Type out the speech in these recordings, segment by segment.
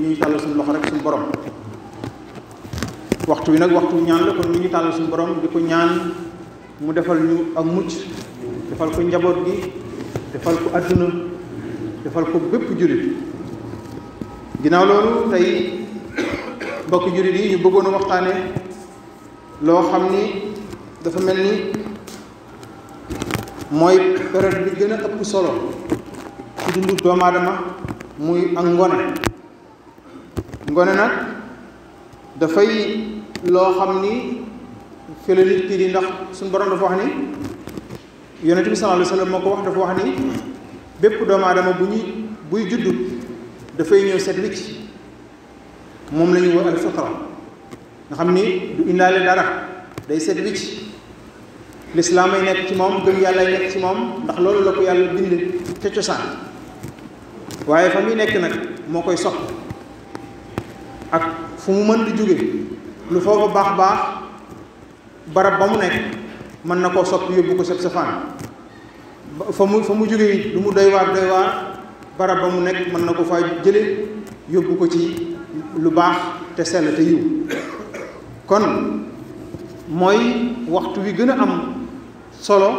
ñu ngi suñu loxo rek suñu borom waxtu wi nag waxtu ñaan la kon ñu ngi tàllal suñu borom di ko ñaan mu defal ñu ak mucc defal ko njaboot gi defal ko àdduna defal ko bépp jurit ginaaw loolu tey mbokk jurit yi ñu bëggoon a waxtaane loo xam ni dafa mel ni mooy période bi gën a ëpp solo ci dundu doomu aadama muy ak ngone ngone nag dafay loo xam ni fi la nit ki ndax suñu borom dafa wax ni yonent bi sallallahu alayhi wa sallam moo ko wax dafa wax ni bépp doomu aadama bu ñuy buy juddu dafay ñëw set wicc moom lañuy ñu woo al nga xam ni du indaale dara day set wicc lislaam ay nekk ci moom gëm yàlla nekk ci moom ndax loolu la ko yàlla bind ca cosaan waaye fa yi nekk nag moo koy sopp ak fu mu mën di jóge lu foofu baax baax barab ba mu nekk mën na koo soppi yóbbu ko sab safaan fa mu fa mu jóge lu mu doy waar doy waar barab ba mu nekk mën na ko faa jële ko ci lu baax te sell te yiw kon mooy waxtu wi gën am solo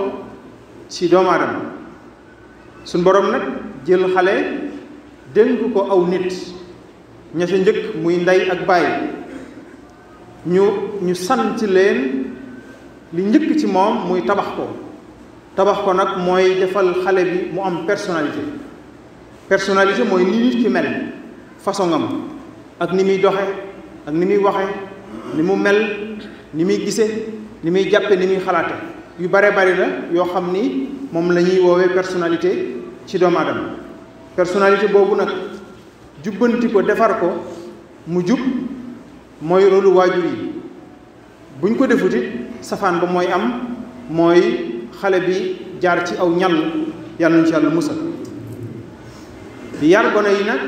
ci doomu aadama suñ borom nag jël xale dénk ko aw nit ña ca njëkk muy ndey ak bàyyi ñu ñu sant leen li njëkk ci moom muy tabax ko tabax ko nag mooy defal xale bi mu am personnalité personnalité mooy ni ci mel façon am ak ni muy doxe ak ni muy waxe ni mu mel ni muy gise ni muy jàppe ni muy xalaate yu bare bari na yoo xam ni moom la ñuy woowee personnalité ci doomu aadama boobu nag jubbanti ko defar ko mu jub mooy rôlu waajur yi buñ ko defut it safaan ba mooy am mooy xale bi jaar ci aw ñal yàlla nañ ci yàlla musal yar gone yi nag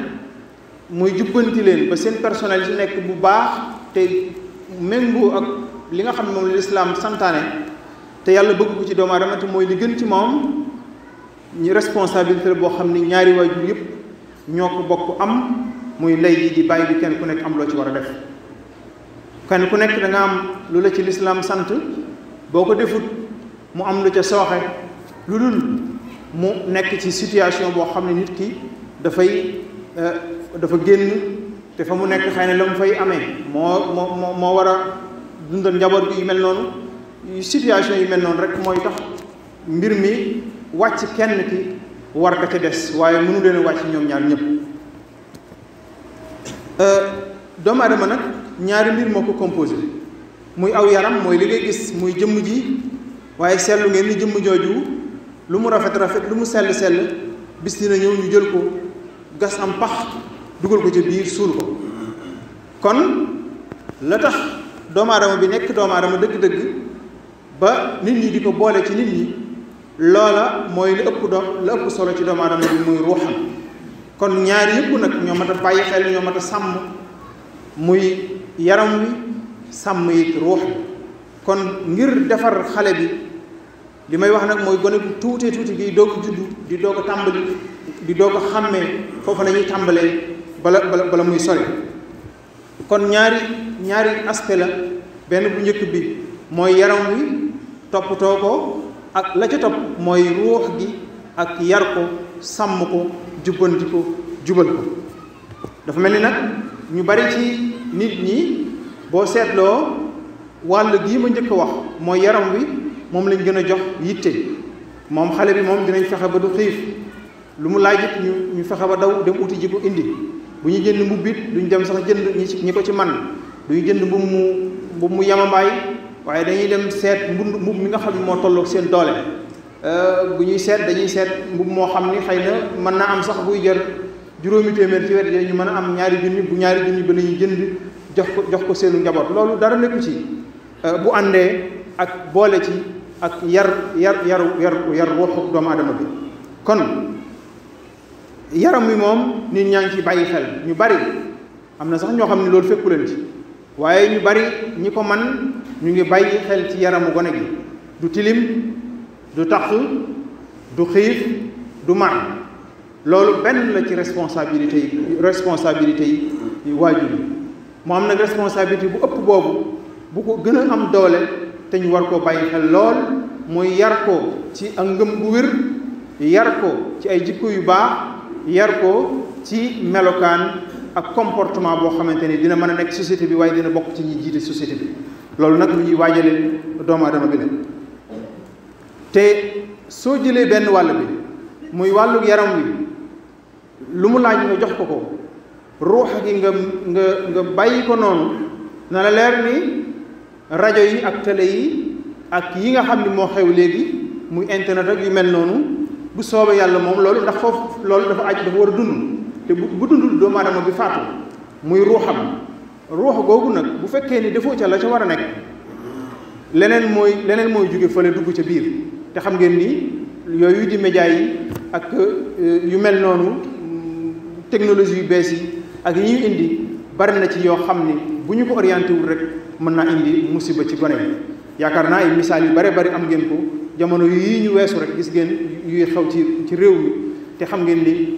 mooy jubbanti leen ba seen personnel ci nekk bu baax te méngoo ak li nga xam ne moom la lislaam santaane te yàlla bëgg ko ci doomu aadama mooy li gën ci moom ñu responsabilité la boo xam ne ñaari waajur yëpp ñoo ko bokk am muy lay ji di bàyyi bi kenn ku nekk am loo ci war a def kenn ku nekk da am lu la ci lislaam sant boo ko defut mu am lu ca sooxe lu dul mu nekk ci situation boo xam ne nit ki dafay euh, dafa génn te fa mu nekk xëy na la mu fay amee moo moo moo war a dundal njaboot bi yu mel noonu situation yu mel noonu rek mooy tax mbir mi wàcc kenn ki war ka ca des waaye mënu leen a wàcc ñoom ñaar ñëpp euh, doomu aadama nag ñaari mbir moo ko composé muy aw yaram mooy li ngay gis muy jëmm ji waaye seetlu ngeen ni jëmm jooju lu mu rafet rafet lu mu sell sell bis dina ñëw ñu jël ko gas am pax dugal ko ci biir suul ko kon la tax doomu bi nekk doomu aadama dëgg-dëgg ba nit ñi di ko boole ci nit ñi loola mooy la ëpp dox la ëpp solo ci doomu aadama bi muy ruuxam kon ñaar yëpp nag ñoo mat a bàyyi xel ñoo mat a sàmm muy yaram wi sàmm yi ruux kon ngir defar xale bi li may wax nag mooy gone bu tuutee tuuti gi doog a juddu di doo ko tàmbali di doog a xàmmee foofu la ñuy tàmbalee bala bala bala muy sori kon ñaari ñaari aspect la benn bu njëkk bi mooy yaram wi toppatoo ko ak la ca topp mooy ruux gi ak yar ko sàmm ko jubbanti ko jubal ko dafa mel ni nag ñu bari ci nit ñi boo seetloo wàll gii ma njëkk a wax mooy yaram wi moom lañ gën a jox yitte moom xale bi moom dinañ fexe ba du xiif lu mu laaj it ñu ñu fexe ba daw dem wuti ji ko indi bu ñu jënd mbubb it duñ dem sax jënd ñi ñi ko ci man duñ jënd mbubb mu mbubb mu yamambaay waye dañuy dem seet mbund mbub mi nga xamni mo tollok tolloog seen doole euh buñuy seet dañuy seet mbub mo xamni xeyna man na am sax buy jël juroomi témer ci wet yooyu ñu mëna am ñaari jooni bu ñaari jooni ba la jënd jox ko jox ko seenu njabot loolu dara nekk ci euh, bu andé ak boole ci ak yar yar yar yar yar ruuxu doom aadama bi kon yaram mi mom nit ñang ci bayyi xel ñu bari am sax ño xamni loolu fekkulen ci waye ñu bari ñiko man ñu ngi bàyyi xel ci yaramu gone gi du tilim du taxu du xiif du mar loolu benn la ci responsabilité yi responsabilité yi waajur yi mu am nag responsabilité bu ëpp boobu bu ko gën a am doole te ñu war koo bàyyi xel lool mooy yar ko ci ak ngëm bu wér yar ko ci ay jikko yu baax yar ko ci melokaan ak comportement boo xamante ni dina mën a nekk société bi waaye dina bokk ci ñi jiite société bi loolu nag lu ñuy waajalee doomu aadama bi ne te soo jëlee benn wàll bi muy wàllu yaram wi lu mu laaj nga jox ko ko ruux gi nga nga nga bàyyi ko noonu na la leer ni rajo yi ak télé yi ak yi nga xam ni moo xew léegi muy internet ak yu mel noonu bu soobee yàlla moom loolu ndax foofu loolu dafa aj dafa war a dund te bu bu dundul doomu aadama bi faatu muy ruuxam ruux googu nag bu fekkee ni defoo ca la ca war a nekk leneen mooy leneen mooy jóge fële dugg ca biir te xam ngeen ni yooyu di média yi ak euh, yu mel noonu technologie yu bees yi ak yi ñuy indi bari na ci yoo xam ni bu ñu ko orienté wul rek mën naa indi musiba ci gone yaakaar naa ay misaal yu bare bari am ngeen ko jamono yii ñu weesu rek gis ngeen yuy xew ci ci réew mi te xam ngeen ni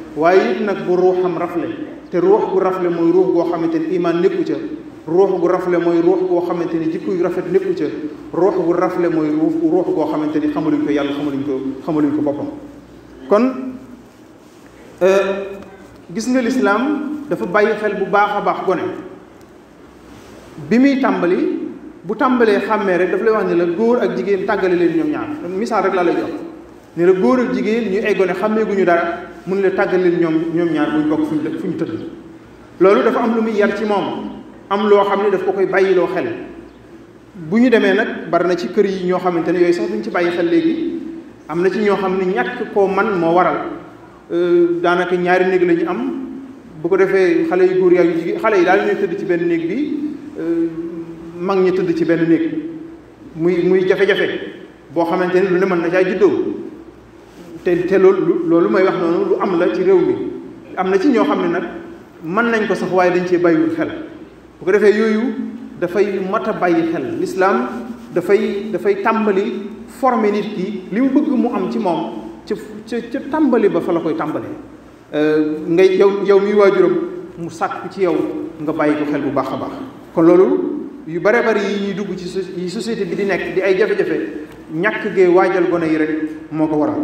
waaye it nag bu ruuxam rafle te ruux gu rafle mooy ruux goo xamante ni imaan nekku ca ruux gu rafle mooy ruux goo xamante ni jikko yu rafet nekku ca ruux gu rafle mooy ruux goo xamante ni xamaluñ ko yàlla xamaluñ ko xamaluñ ko boppam kon gis nga lislaam dafa bàyyi xel bu baax a baax gone bi muy tàmbali bu tàmbalee xàmmee rek daf lay wax ne la góor ak jigéen tàggale leen ñoom ñaar misaal rek laa lay jox ne la góor ak jigéen ñu eggone xàmmeeguñu dara mun la tàggalil ñoom ñoom ñaar buñ bokk fu ñu tëdd loolu dafa am lu muy yar ci moom am loo xam ne daf ko koy bàyyi loo xel bu ñu demee nag bari na ci kër yi ñoo xamante ne yooyu sax duñ ci bàyyi xel léegi am na ci ñoo xam ne ñàkk koo man moo waral euh, daanaka ñaari néeg la ñu am bu ko defee xale yu góor yaa yu jigéen xale yi daal ñuy tëdd ci benn néeg bi euh, mag ñu tëdd ci benn néeg muy muy jafe-jafe boo xamante ne lu ne mën na caa juddoo te te loolu loolu may wax noonu lu am la ci réew mi am na ci ñoo xam ne nag mën nañ ko sax waaye dañ cee bàyyiwul xel bu ko defee yooyu dafay mat a bàyyi xel lislaam dafay dafay tàmbali former nit ki li mu bëgg mu am ci moom ca ca tàmbali ba fa la koy tàmbalee euh, ngay yow yow miy waajuram mu sàkk ci yow nga bàyyi ko xel bu baax a baax kon loolu yu bare bari yi ñuy dugg ci yi société bi di nekk di ay jafe-jafe ñàkk gee waajal gone yi rek moo ko waral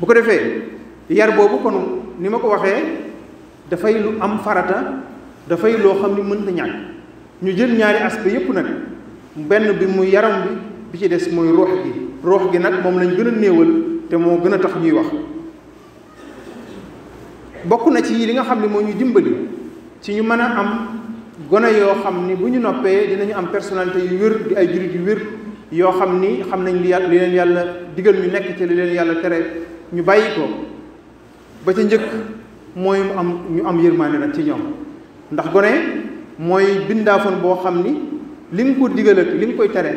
bu ko defee yar boobu kon ni ma ko waxee dafay lu am farata dafay loo xam ni mën na ñàkk ñu jël ñaari aspect yëpp nag benn bi mu yaram bi bi ci des mooy ruux gi ruux gi nag moom lañ gën a néewal te moo gën a tax ñuy wax bokk na ci li nga xam ne moo ñuy dimbali ci ñu mën a am gone yoo xam ni bu ñu noppee dinañu am personnalité yu wér di ay jurit yu wér yoo xam ni xam nañ li yàlla li leen yàlla digal ñu nekk ci li leen yàlla tere ñu bayyi ko ba ca njëkk mooy mu am ñu am yërmaane nag ci ñoom ndax gone mooy bindaafoon boo xam ni li nga ko digal ak li nga koy tere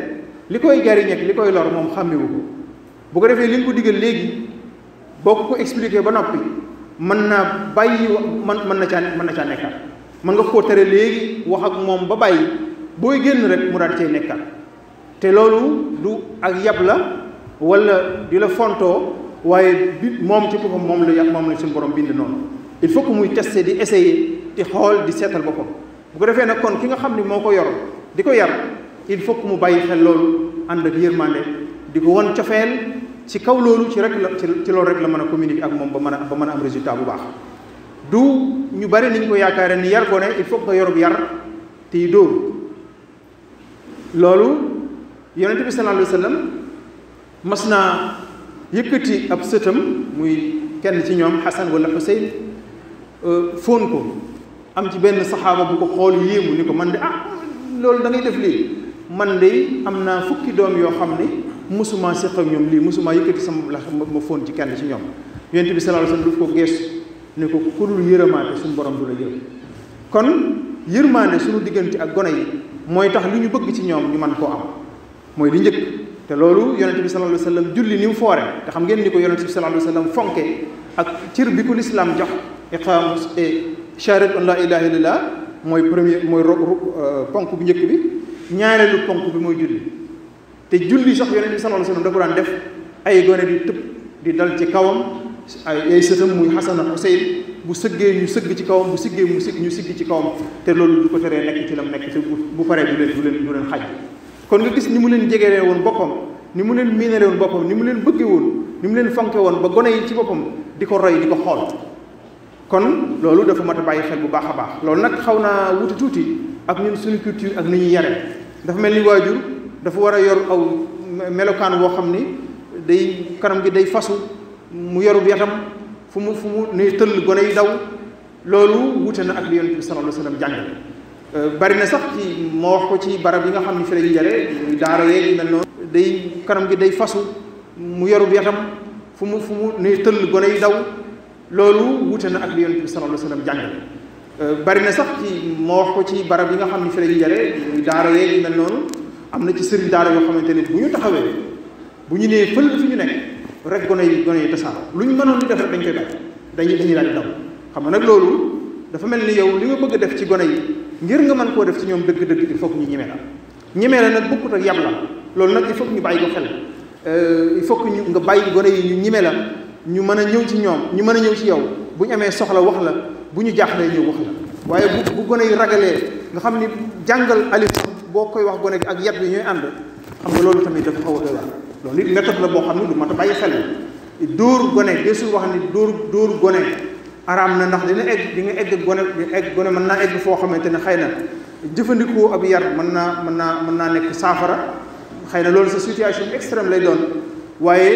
li koy jariñ ak li koy lor moom xàmmewu ko bu ko defee li nga ko digal léegi boo ko ko expliqué ba noppi mën naa bàyyi man mën na caa mën na caa nekkal mën nga koo tere léegi wax ak moom ba bàyyi booy génn rek mu daal cee nekkal te loolu du ak yab la wala di la fontoo waaye bi moom ci boppam moom la yàlla moom la suñu borom bind noonu il faut que muy tester di essayer di xool di seetal boppam bu ko defee nag kon ki nga xam ni moo ko yor di ko yar il faut que mu bàyyi xel loolu ànd ak yërmande di ko won cofeel ci kaw loolu ci rek la ci loolu rek la mën a communiquer ak moom ba mën a ba mën a am résultat bu baax du ñu bari niñ ko yaakaare ni yar gone il faut que yor yorub yar tey dóor loolu yonente bi sallallahu alayhi wa mas naa yëkkati ab sëtam muy kenn ci ñoom Xasan wala Xuseyn euh, fóon ko am ci benn saxaaba bu ko xool yéemu ni ko man de ah loolu da ngay def lii man de am naa fukki doom yoo xam ne mosuma séq ak ñoom lii mosuma yëkkati sama la ma fóon ci kenn ci ñoom yonent bi sallallahu alayhi wasallam daf ko geesu ne ko ku dul yërëmaate suñu borom du la yërëm kon yërmaande suñu diggante ak gone yi mooy tax li ñu bëgg ci ñoom ñu man koo am mooy di njëkk te loolu yonente bi sallallahu alayhi wa sallam julli ni mu foore te xam ngeen ni ko yonente bi sallallahu alayhi wa sallam fonke ak cër bi ko lislaam jox iqaamu e, shahadat an la ilaha illallah mooy premier mooy e, ponk bu njëkk bi ñaareelu ponk bi mooy julli te julli sax yonente bi sallallahu alayhi wa sallam da ko daan def ay gone bi tëb di dal ci kawam ay ay sëtam muy xasan ak xuseyn bu sëggee ñu sëgg ci kawam bu siggee mu sigg ñu sigg ci kawam te loolu du ko teree nekk ci lam nekk te bu paree du leen du leen kon nga gis ni mu leen jegeree woon boppam ni mu leen miinale woon boppam ni mu leen bëggee woon ni mu leen fonke woon ba gone yi ci boppam di ko roy di ko xool kon loolu dafa mat a bàyyi xel bu baax a baax loolu nag xaw naa wuti tuuti ak ñun suñu culture ak ni ñu yare dafa mel ni waajur dafa war a yor aw melokaan boo xam ni day kanam gi day fasu mu yorub yatam fu mu fu mu ne tëll gone yi daw loolu wute na ak li yonent bi sallallahu alayhi wa sallam jàngale Euh, bari na sax ci moo wax ko ci barab yi nga xam ni fi la ñuy jëlee daara yeeg yu mel noonu day kanam bi day fasu mu yorub yatam fu mu fu mu ne tëll gone yi daw loolu wute na ak li yonent bi sallallahu alayhi euh, bari na sax ci moo wax ko ci barab yi nga xam ni fi la ñuy jëlee daara yeeg yu mel noonu am na ci sëriñ daara yoo xamante ne bu ñu taxawee bu ñu nee fël fi ñu nekk rek gone yi gone yi tasaaroo lu ñu mënoon di def rek dañ koy bàyyi dañuy dañuy daal di xam nga nag loolu dafa mel ni yow li nga bëgg a def ci gone yi ngir nga mën koo def ci ñoom dëgg-dëgg il faut que ñu ñeme la ñeme la nag bokkut ak yam la loolu nag il faut ñu bàyyi ko xel euh, il faut que ñu nga bàyyi gone yi ñu la ñu mën a ñëw ci ñoom ñu mën a ñëw ci yow bu ñu soxla wax la bu ñu jaaxlee ñëw wax la waaye bu bu gone yi ragalee nga xam ni jàngal alit boo koy wax gone gi ak yat bi ñooy ànd xam nga loolu tamit dafa xaw a doy waar loolu it méthode la boo xam ne du mat a bàyyi xel dóor gone desul wax ni dóor dóor gone araam na ndax dina egg di nga egg gone egg gone mën naa egg foo xamante ne xëy na jëfandikoo ab yar mën naa mën naa mën naa nekk saafara xëy na loolu sa situation extrême lay doon waaye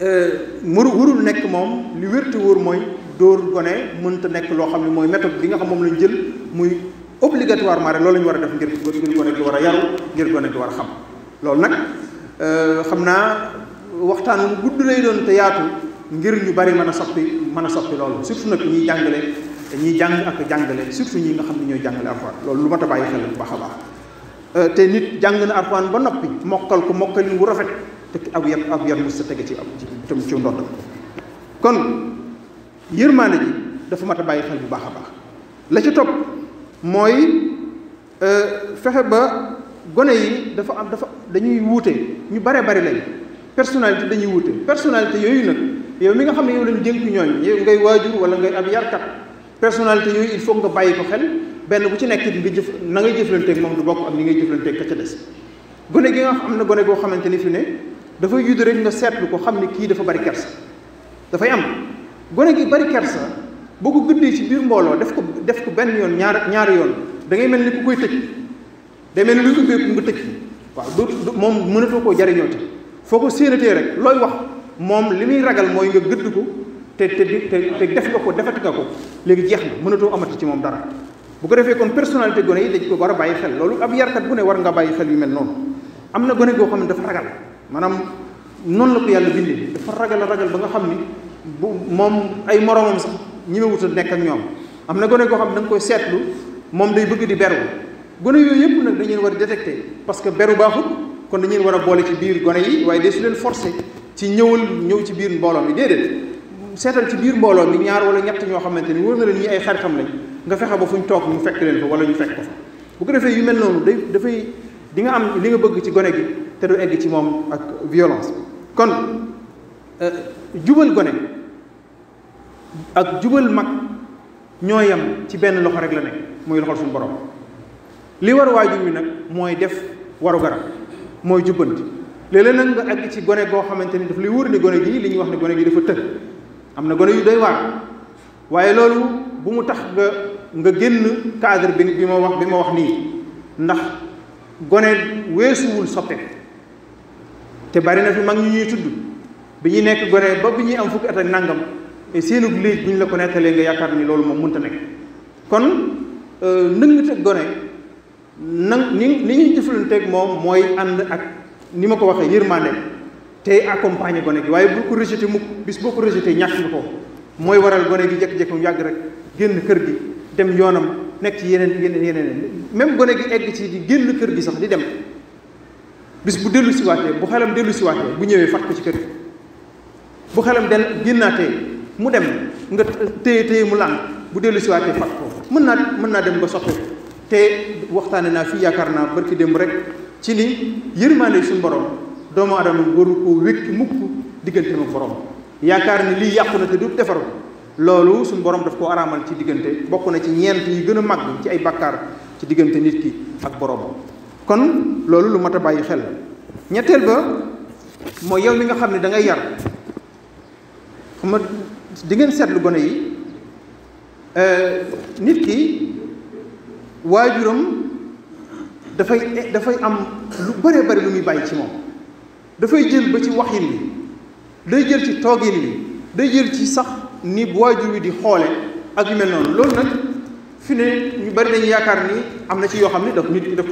euh, mëru warul nekk moom lu wér te mooy dóor gone mënta nekk loo xam ne mooy méthode bi nga xam moom lañ jël muy obligatoirement rek loolu lañu war a def ngir ngir gone gi war a yaru ngir gone gi war a xam loolu nag euh, xam naa waxtaan mu gudd lay doon te yaatu ngir ñu bari mën a soppi mën a soppi loolu surtout nag ñiy jàngale ñuy jàng ak jàngale surtout ñi nga xam ne ñooy jàngale alxuraan loolu lu mat a bàyyi xel bu baax a baax euh, te nit jàng na alxuraan ba noppi mokkal ko mokkalin wu rafet te ak yar ak yar mu sa tege ci ab tam ci ndodd kon yërmaande ji dafa mat a bàyyi xel bu baax a baax la ci topp mooy euh, fexe ba gone yi dafa am dafa dañuy wuute ñu bare bari lañ personnalité dañuy wuute personnalité yooyu nag yow mi nga xam ne yow lañ dénk ñooñ yow ngay waajur wala ngay ab yarkat personnalité yooyu il faut nga bàyyi ko xel benn bu ci nekk it nga jëf na ngay jëflanteeg moom du bokk ak ni ngay jëflanteeg ka ca des gone gi nga xam goo xamante ni fi ne dafay judd rek nga seetlu ko xam ne kii dafa bari kersa dafay am gone gi bari kersa boo ko gëddee ci mbooloo def ko def ko benn yoon ñaar ñaari yoon da ngay mel ni ku koy tëj day mel ni luy ubbeeku nga tëj waaw du moom mënatoo koo jariñoo te foo ko séenatee rek looy wax moom li muy ragal mooy nga gëdd ko te te te def nga ko defati nga ko léegi jeex na mënatoo amati ci moom dara bu ko defee kon personnalité gone yi dañ ko war a bàyyi xel loolu ab yarkat bu ne war nga bàyyi xel yu mel noonu am na gone koo xam ne dafa ragal maanaam noonu la ko yàlla bindee dafa ragal ragal ba nga xam ni bu moom ay moromam sax ñi ma wut a nekk ak ñoom am na gone goo xam ne da nga koy seetlu moom day bëgg di beru gone yooyu yëpp nag dañu war a détecté parce que beru baaxul kon dañu leen war a boole ci biir gone yi waaye de su leen forcé ci ñëwal ñëw ci biir mbooloo mi déedéet seetal ci biir mbooloo mi ñaar wala ñett ñoo xamante ni wóor na leen ñi ay xaritam lañ nga fexe ba fuñ toog ñu fekk leen fa wala ñu fekk ko fa bu ko defee yu mel noonu day dafay di nga am li nga bëgg ci gone gi te du egg ci moom ak violence kon jubal gone ak jubal mag ñoo yam ci benn loxo rek la nekk mooy loxol suñu borom li war waajur wi nag mooy def waru garab mooy jubbanti léeg-léeg nag nga àgg ci gone goo xamante ni daf lay wóor ni gone gi li ñuy wax ne gone gi dafa tëg am na gone yu doy waar waaye loolu bu mu tax nga nga génn cadre bi bi ma wax bi ma wax nii ndax gone weesuwul soppeeku te bari na fi mag ñi ñuy tudd bi ñuy nekk gone ba bi ñuy am fukki at ak nangam et seenu léegi bu ñu la ko nettalee nga yaakaar ni loolu moom mënta nekk kon euh, nëng teg gone nan ni ni ñuy jëflanteeg moom mooy ànd ak ni ma ko te akompanye tey accompagner goné gi waye bu ko rejeté mu bis bu ko rejeté ñak ñu ko moy waral goné gi jek jek mu yag rek genn kër gi dem yonam nek ci yenen yenen, yenen même goné gi egg ci di genn kër gi sax di dem bis bu delu ci waté bu xalam delu ci waté bu ñëwé fat ko ci kër gi bu xalam del génnaatee mu dem nga téye téye mu lan bu delu ci waté fat ko mën na mën na dem ba te waxtané na fia yakarna barki dem rek ci ni yërmaane suñu borom doomu adama goru ko wekk mukk diggante ak borom yaakar ni li yakuna te du defaru loolu suñu borom daf ko aramal ci diggante bokku na ci ñent yi gëna mag ci ay bakkar ci diggante nit ki ak borom kon loolu lu mata bayyi xel ñettel ba mo yow mi nga xamni da ngay yar xam nga di ngeen gone yi euh, nit ki wajuram dafay dafay am lu bëree bëri lu muy bàyyi ci moom dafay jël ba ci waxin bi day jël ci toogin bi day jël ci sax ni waajur wi di xoole ak yu mel noonu loolu nag fi ne ñu bëri dañu yaakaar ni am na ci yoo xam ne daf nit daf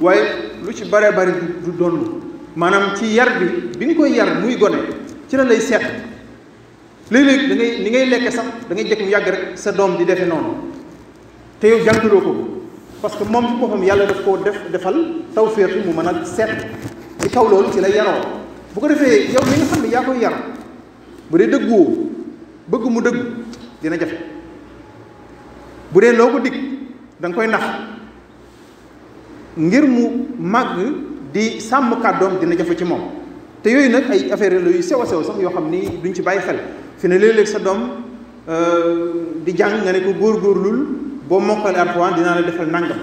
waaye lu ci bëree bëri du donn maanaam ci yar bi bi ñu koy yar muy gone ci la lay seet léeg-léeg da ngay ni ngay lekke sax da ngay jekk yàgg rek sa doom di defe noonu te yow jàngaloo ko parce que moom ko xam yàlla daf koo def defal tawféex mu mën a set ci kaw loolu ci la yaroo bu ko defee yow mi nga xam ne yaa koy yar bu dee dëgguwoo bëgg mu dëgg dina jafe bu dee loo ko dig danga koy nax ngir mu màgg di sàmm kàddoom dina jafe ci moom te yooyu nag ay affaire la yu sew a sew sax yoo xam ni duñ ci bàyyi xel fi ne léeg-léeg sa doom euh, di jàng nga ne ko lul boo mokkale alxuraan dinaa la defal nangam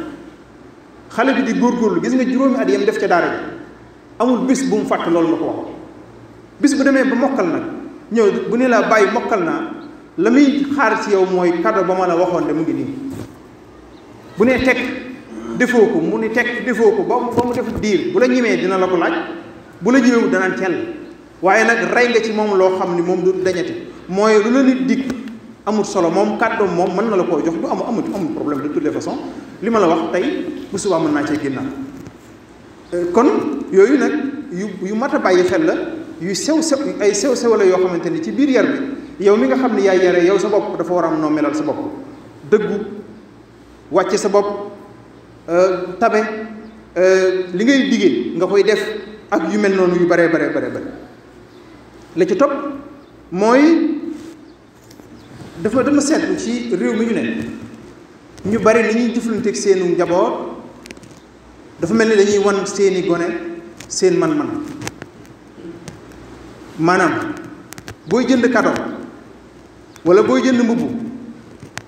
xale bi di góorgóorlu gis nga juróomi at yam def ca daara ji amul bis bu mu fàtte loolu ma ko waxoon bis bu demee ba mokkal nag ñëw bu ne laa bàyyi mokkal naa la muy xaar ci yow mooy kado ba ma la waxoon de mu ngi nii bu nee tekk defoo ko mu ni tekk defoo ko ba ba mu def diir bu la ñimee dina la ko laaj bu la ñimewu danaan teel waaye nag rey nga ci moom loo xam ni moom du dañati mooy lu la nit dig amul solo moom kàddoom moom mën na la koo jox du am amul amul problème de toutes les façons li ma la wax tey bu subaa mën naa cee génnaat euh, kon yooyu nag yu yu mat a bàyyi xel la yu sew sew ay sew sew la yoo xamante ni ci biir yar bi yow mi nga xam ne yaa yare yow sa bopp dafa war am noo melal sa bopp dëggu wàcce sa bopp euh, tabe euh, li ngay diggee nga koy def ak yu mel noonu yu baree baree bare bare la ci topp mooy dafa dama seetlu ci réew mi ñu ne ñu bari li ñuy jëflanteeg seenu njaboot dafa mel ni dañuy wan seeni gone seen man-man maanaam booy jënd kado wala booy jënd mbubb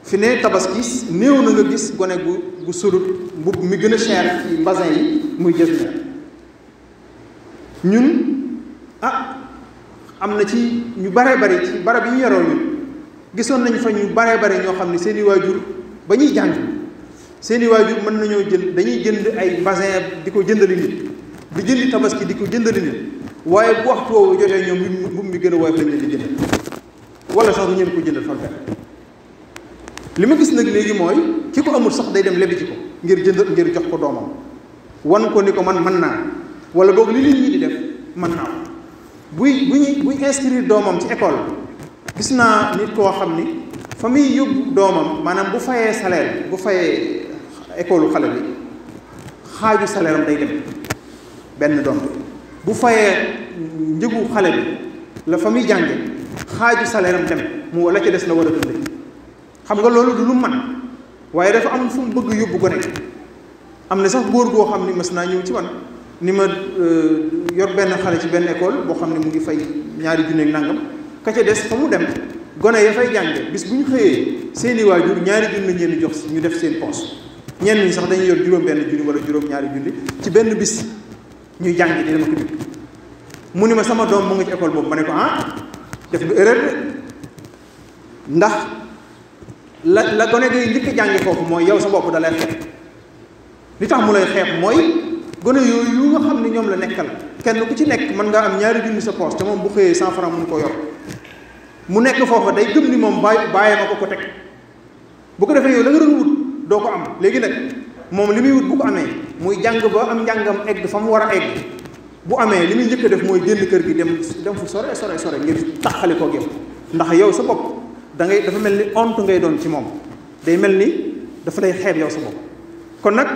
fi ne tabaskis néew na nga gis gone gu gu solut mbubb mi gën a cher ci mbasin yi muy jës ñun ah am na ci ñu bare bari ci barab yi ñu yaroo ñun gisoon nañ fa ñu bare bare ñoo xam ne seeni i waajur ba ñuy jàng seen i waajur mën nañoo jël dañuy jënd ay basin di ko jëndali nit di jëndi tabaski di ko jëndali nit waaye bu waxtu woowu jotee ñoom mbubb mi gën a woyof lañ leen di jënd wala sax ñeen ko jëndal fanweer li ma gis nag léegi mooy ki ko amul sax day dem lebi ko ngir jëndal ngir jox ko doomam wan ko ni ko man mën naa wala boog li nit ñi di def mën naa ko buy bu ñuy buy inscrire doomam ci école gis naa nit koo xam ni fa muy yóbbu doomam maanaam bu fayee salaire bu fayee école xale bi xaaju salaire am day dem benn doom bu fayee njëgu xale bi la fa jàng xaaju salaire am dem mu la ca des la war a dundee xam nga loolu du man waaye dafa am fu mu bëgg yóbbu ko nekk am na sax góor goo xam ni mas naa ñëw ci man ni ma euh, yor benn xale ci benn école boo xam ne mu ngi fay ñaari junneeg nangam ka des fa mu dem gone ya fay jànge bis bu ñu xëyee seeni waajur ñaari junni ñeen di jox si ñu def seen poos ñenn ñi sax dañuy yor juróom benn junni wala juróom ñaari junni ci benn bis ñuy jàng di dama ko jug mu ni ma sama doom mu ngi ci école boobu ma ne ko ah def lu erreur ndax la la gone gay njëkk jànge foofu mooy yow sa bopp da lay xeeb li tax mu lay xeeb mooy gone yooyu yu nga xam ne ñoom la nekkal kenn ku ci nekk mën ngaa am ñaari junni sa poche te moom bu xëyee cent franc mun ko yor mu nekk foofa day gëm ni moom bàyyi bàyyi ma ko ko teg bu ko defee yow la nga doon wut doo ko am léegi nag moom li muy wut bu ko muy jàng ba am njàngam egg fa mu war a egg bu amee li muy njëkk def mooy génn kër gi dem dem fu sore sore sore ngir taxali ko gépp ndax yow sa bopp da ngay dafa mel ni honte ngay doon ci moom day mel ni dafa lay xeeb yow sa bopp kon nag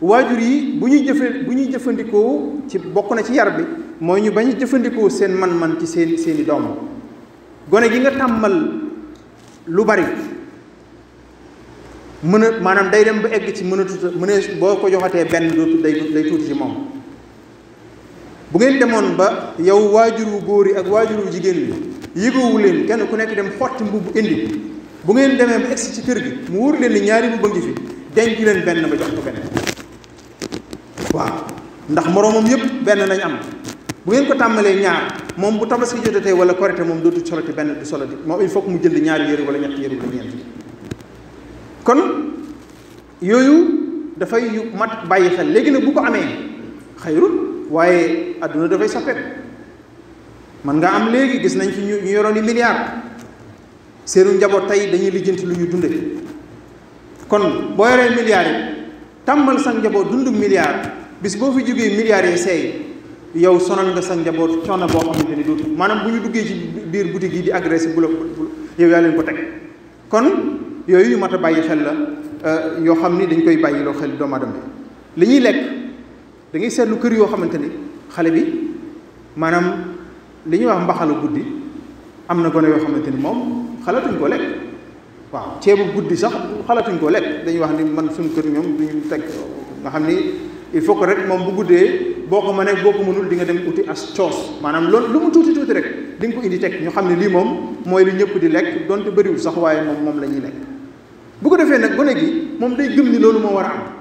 waajur yi bu ñuy jëfe bu ñuy jëfandikoo ci bokk na ci yar bi mooy ñu bañ a jëfandikoo seen man-man ci seen seeni doom gone gi nga tàmmal lu bari mën a maanaam day dem ba egg ci mën a boo ko joxatee benn dootu day day tuuti ci moom bu ngeen demoon ba yow waajur wu góor yi ak waajur wu jigéen yi yëgoowu leen kenn ku nekk dem xotti mbubb indi bu ngeen demee ba egsi ci kër gi mu wóor leen ni ñaari mbubb a ngi fi denc leen benn ba jox ko beneen waaw ndax moroomam yëpp benn nañ am bu ngeen ko tàmbalee ñaar moom bu tabaski jotatee wala korite moom dootul soloti benn du soloti moom il faut que mu jënd ñaari yëre wala ñetti yëre wala ñeent kon yooyu dafay yu bàyyi xel léegi nag bu ko amee xayrul waaye adduna dafay soppeeku man nga am léegi gis nañ fi ñu ñu yoroon i njaboot tey dañuy lijjanti lu ñu dunde kon boo yoree milliards yi tàmbal sa njaboot dundum milliard bis boo fi jógee milliards yi seey yow sonal nga sa njaboot coono boo xamante ni dootu maanaam bu ñu duggee ci biir boutique yi di agressé bu la yow yaa leen ko teg kon yooyu yu mat a bàyyi xel la euh, yoo xam ni dañ koy bàyyiloo xel doomu aadama li ñuy lekk da ngay seetlu kër yoo xamante ni xale bi maanaam li ñuy wax mbaxalu guddi am na gone yoo xamante ni moom xalatuñ koo lekk waaw ceebu guddi sax xalatuñ koo lekk dañuy wax ni man suñu kër ñoom duñu teg il faut que rek moom bu guddee boo ko mënee boo ko mënul di nga dem uti as coos maanaam loolu lu mu tuuti tuuti rek di nga ko indi teg ñu xam ne lii moom mooy li ñëpp di lekk donte bëriwul sax waaye moom moom la ñuy lekk bu ko defee nag gone gi moom day gëm ni loolu moo war a am